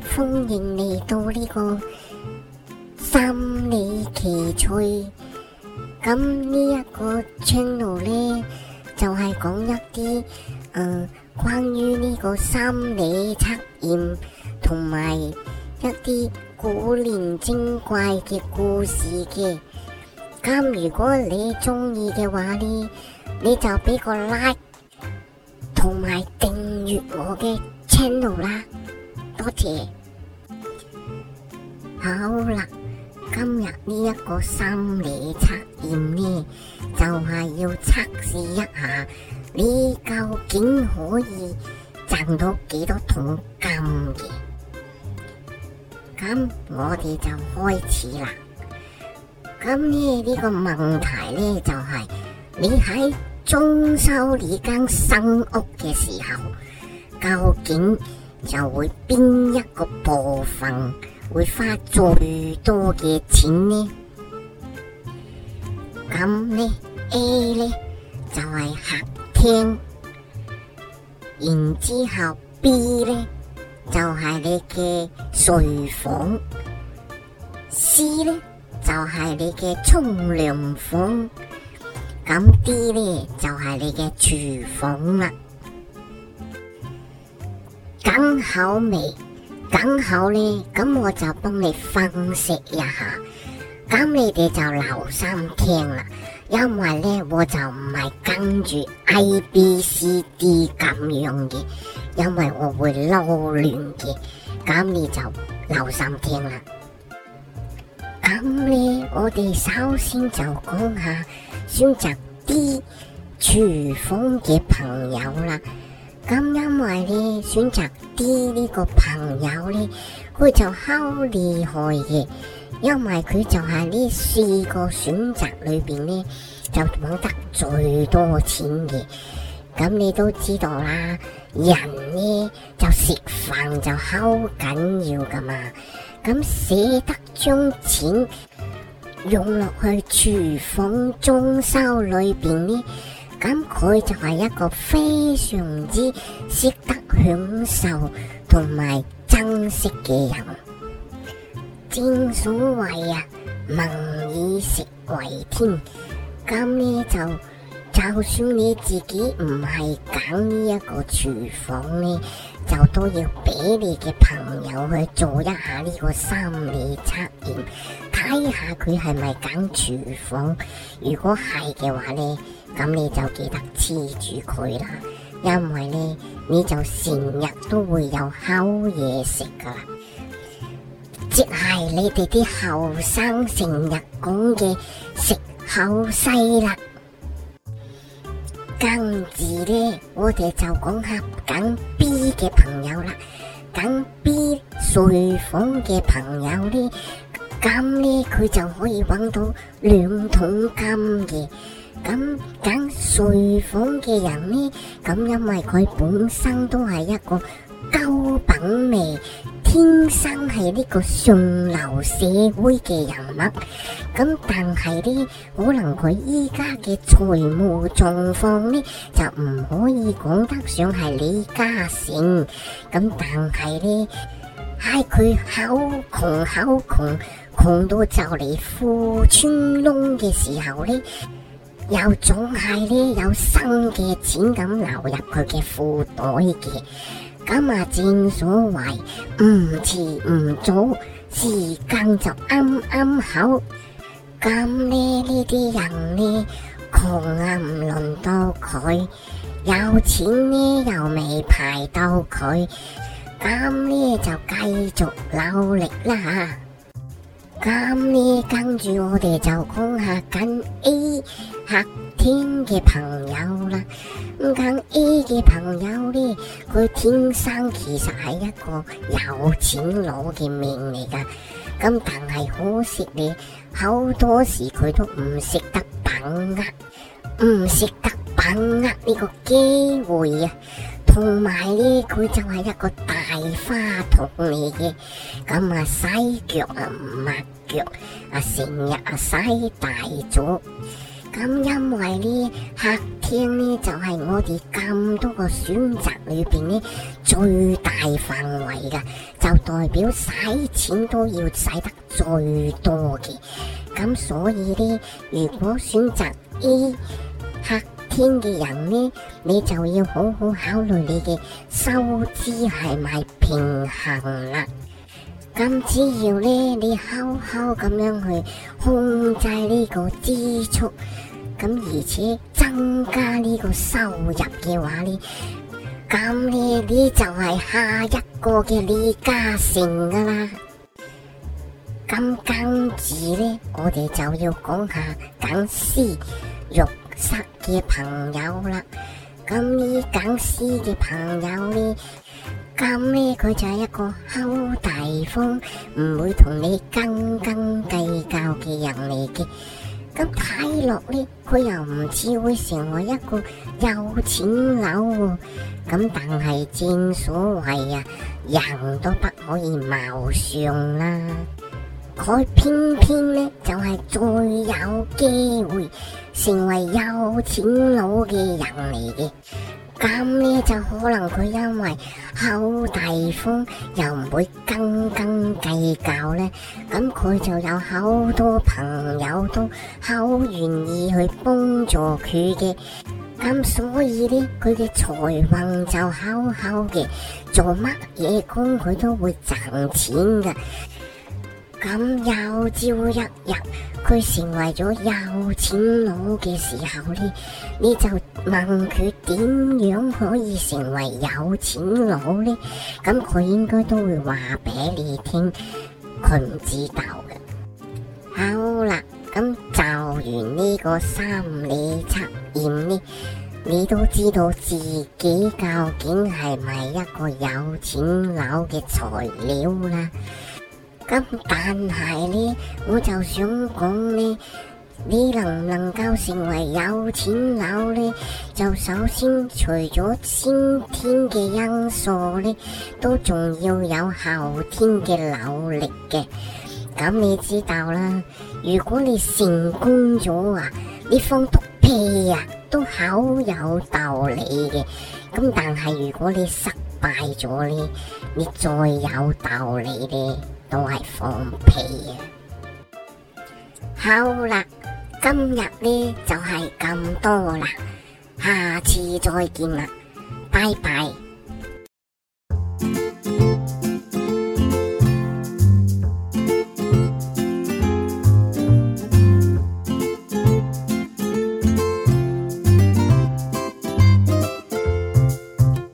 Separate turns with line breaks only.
歡迎嚟到呢個心理奇趣，咁呢一個 channel 咧就係、是、講一啲誒、呃、關於呢個心理測驗同埋一啲古靈精怪嘅故事嘅，咁如果你中意嘅話咧，你就俾個 like 同埋訂閱我嘅 channel 啦。多謝。好啦，今日呢一個心理測驗呢，就係要測試一下你究竟可以賺到幾多桶金嘅。咁我哋就開始啦。咁呢個問題呢就係，你喺裝修呢間新屋嘅時候，究竟？就會邊一個部分會花最多嘅錢呢？咁呢 A 呢，就係客廳，然之後 B 呢，就係你嘅睡房，C 呢，就係你嘅沖涼房，咁 D 呢，就係你嘅廚房啦。咁好未？咁好咧，咁我就幫你分析一下，咁你哋就留心聽啦。因為咧，我就唔係跟住 A B C D 咁樣嘅，因為我會撈亂嘅，咁你就留心聽啦。咁咧，我哋首先就講下，選擇啲廚房嘅朋友啦。咁因為咧，選擇啲呢個朋友呢，佢就敲厲害嘅，因為佢就係呢四個選擇裏邊呢，就揾得最多錢嘅。咁你都知道啦，人呢就食飯就敲緊要噶嘛，咁捨得將錢用落去廚房裝修裏邊呢。咁佢就係一個非常之識得享受同埋珍惜嘅人。正所謂啊，民以食為天。咁呢，就就算你自己唔係揀呢一個廚房呢，就都要俾你嘅朋友去做一下呢個心理測驗，睇下佢係咪揀廚房，如果係嘅話呢，咁你就記得黐住佢啦，因為呢，你就成日都會有烤嘢食噶啦，即係你哋啲後生成日講嘅食口西啦。跟住呢，我哋就講下揀 B 嘅朋友啦，揀 B 睡房嘅朋友呢。咁呢，佢就可以揾到兩桶金嘅。咁揀睡房嘅人呢？咁因為佢本身都係一個高品味，天生係呢個上流社會嘅人物。咁但係呢，可能佢依家嘅財務狀況呢，就唔可以講得上係李嘉誠。咁但係呢，唉、哎，佢好窮，好窮。窮到就嚟褲穿窿嘅時候咧，又總係咧有新嘅錢咁流入佢嘅褲袋嘅。咁啊正所謂唔遲唔早，時間就啱啱好。咁咧呢啲人咧窮啊唔輪到佢，有錢咧又未排到佢，咁咧就繼續努力啦吓。咁呢，跟住我哋就講下緊 A 客廳嘅朋友啦。咁 A 嘅朋友呢，佢天生其實係一個有錢佬嘅命嚟噶。咁但係可惜咧，好多時佢都唔識得把握，唔識得把握呢個機會啊。同埋呢，佢就係一個大花筒嚟嘅，咁啊洗腳啊抹腳啊，成日啊洗大咗。咁因為呢，客廳呢，就係、是、我哋咁多個選擇裏邊呢，最大範圍噶，就代表使錢都要使得最多嘅。咁所以呢，如果選擇 A 客天嘅人呢，你就要好好考慮你嘅收支係咪平衡啦。咁只要呢，你好好咁樣去控制呢個支出，咁而且增加呢個收入嘅話呢，咁呢你就係下一個嘅李嘉誠噶啦。咁跟住呢，我哋就要講下錦絲玉塞。嘅朋友啦，咁呢揀 C 嘅朋友呢？咁呢，佢就係一個好大方，唔會同你斤斤計較嘅人嚟嘅。咁睇落呢，佢又唔似會成為一個有錢佬喎。咁但係正所謂啊，人都不可以貌相啦。佢偏偏呢，就係、是、最有機會。成為有錢佬嘅人嚟嘅，咁呢，就可能佢因為好大方，又唔會斤斤計較呢，咁佢就有好多朋友都好願意去幫助佢嘅，咁所以呢，佢嘅財運就好好嘅，做乜嘢工佢都會賺錢㗎。咁又朝一日，佢成為咗有錢佬嘅時候呢，你就問佢點樣可以成為有錢佬呢？咁佢應該都會話俾你聽，佢唔知道嘅。好啦，咁就完呢個心理測驗呢，你都知道自己究竟係咪一個有錢佬嘅材料啦。咁但係呢，我就想講呢，你能唔能夠成為有錢佬呢？就首先除咗先天嘅因素呢，都仲要有後天嘅努力嘅。咁你知道啦，如果你成功咗啊，你放毒屁啊都好有道理嘅。咁但係如果你失敗咗呢，你再有道理呢，都係放屁好啦，今日呢就係、是、咁多啦，下次再見啦，拜拜。